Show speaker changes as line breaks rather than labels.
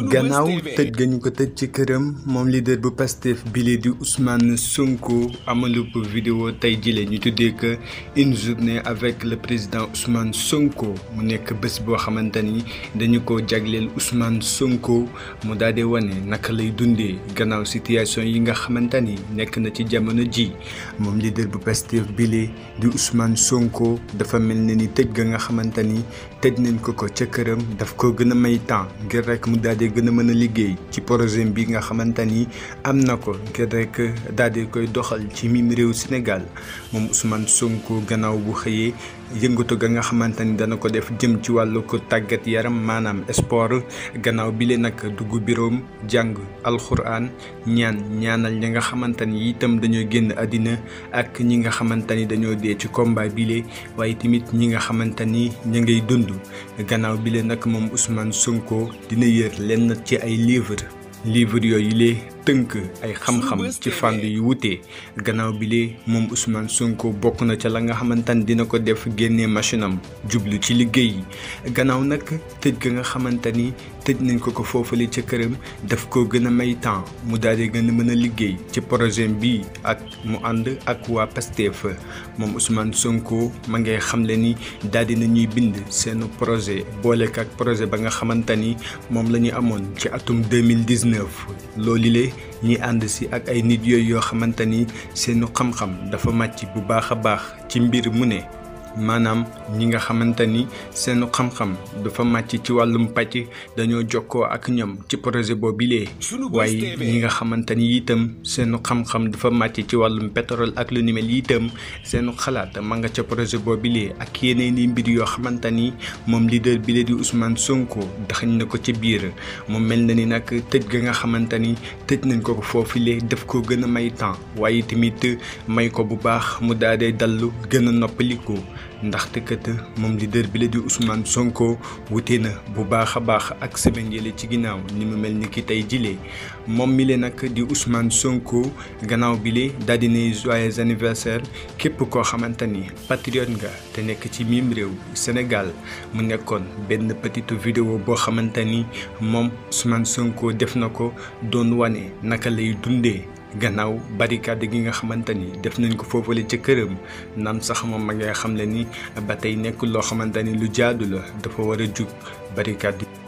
gannaaw tëj ga ñu ko tëj ci këram moom leader bu Pastef bile di Ousmane Sonko amalub vidéo tey jile ñu tuddee que une journée avec le président Ousmane Sonko mu nekk bés boo xamante ni dañu ko jagleel Ousmane Sonko mu daal di wane naka lay dundee gannaaw situation yi nga xamante ni nekk na ci jamono ji moom leader bu Pastef bile di Ousmane Sonko dafa mel na ni tëj ga nga xamante ni tëj nañ ko ko ca këram daf ko gën a may temps ngir rek mu daal di gën a mën a liggéey ci projet bi nga xamante ni am na ko ngir rek daal di koy doxal ci miim réew senegal moom Ousmane Sonko gannaaw bu xëyee yëngatu ga nga xamante ni dana ko def jëm ci wàllu tàggat yaram maanaam sport gannaaw bi le nag dugg biroom jàng alxuraan ñaan ñaanal ñi nga xamante ni itam dañoo génn àddina ak ñi nga xamante ni dañoo dee ci combat bile waaye tamit ñi nga xamante ni ña ngay dund gannaaw bile nag moom Ousmane Sonko dina yër lenn ci ay livre livre yooyu lee tënk ay xam-xam ci fànn yu wutee gannaaw bi lee moom Ousmane Sonko bokk na ca la nga xamante ni dina ko def génne machine am jublu ci liggéey yi gannaaw nag tëj ga nga xamante ni tëj nañ ko ko foofale ca këram daf koo gën a may temps mu daal di gën mën a liggéey ci projet bi ak mu ànd ak waa Pastef moom Ousmane Sonko ma ngay xamle ni daal di nañuy bind seen projet boolek ak projet ba nga xamante ni moom la ñu amoon ci atum 2019 loolu le ñi ànd si ak ay nit yooyu yoo xamante ni seenu xam-xam dafa màcc bu baax a baax ci mbir mu ne maanaam ñi nga xamante ni seen xam-xam dafa màcc ci wàllum pàcc dañoo jox jokkoo ak ñoom ci projet boobilee waaye ñi nga xamante ni itam seen xam-xam dafa màcc ci wàllum pétrole ak lu ni mel itam seen xalaat ma nga ca projet boobilee ak yeneen i mbir yoo xamante ni moom leader bi la di Ousmane Sonko daxañ na ko ci biir mu mel na ni nag tëj ga nga xamante ni tëj nañ ko foofu foofulee daf koo gën a may temps waaye tamit may ko bu baax mu daadee dallu gën a noppaliku ndaxte kat moom leader bi la di Ousmane Sonko wute na bu baax a baax ak semaine ci ginnaaw ni mu mel ni ki tey jillee moom mi le nag di Ousmane Sonko gannaaw bi le daal di ne anniversaire képp koo xamante ni patriote nga te nekk ci miim réew Sénégal mu nekkoon benn petite vidéo boo xamante ni moom Ousmane Sonko def na ko doon wane naka lay dundee. gannaaw barricade gi nga xamante ni def nañ ko foofale ca këram naam sax moom ma ngay xam ne ni ba tey nekk loo xamante ni lu jaadu la dafa war a jug barricade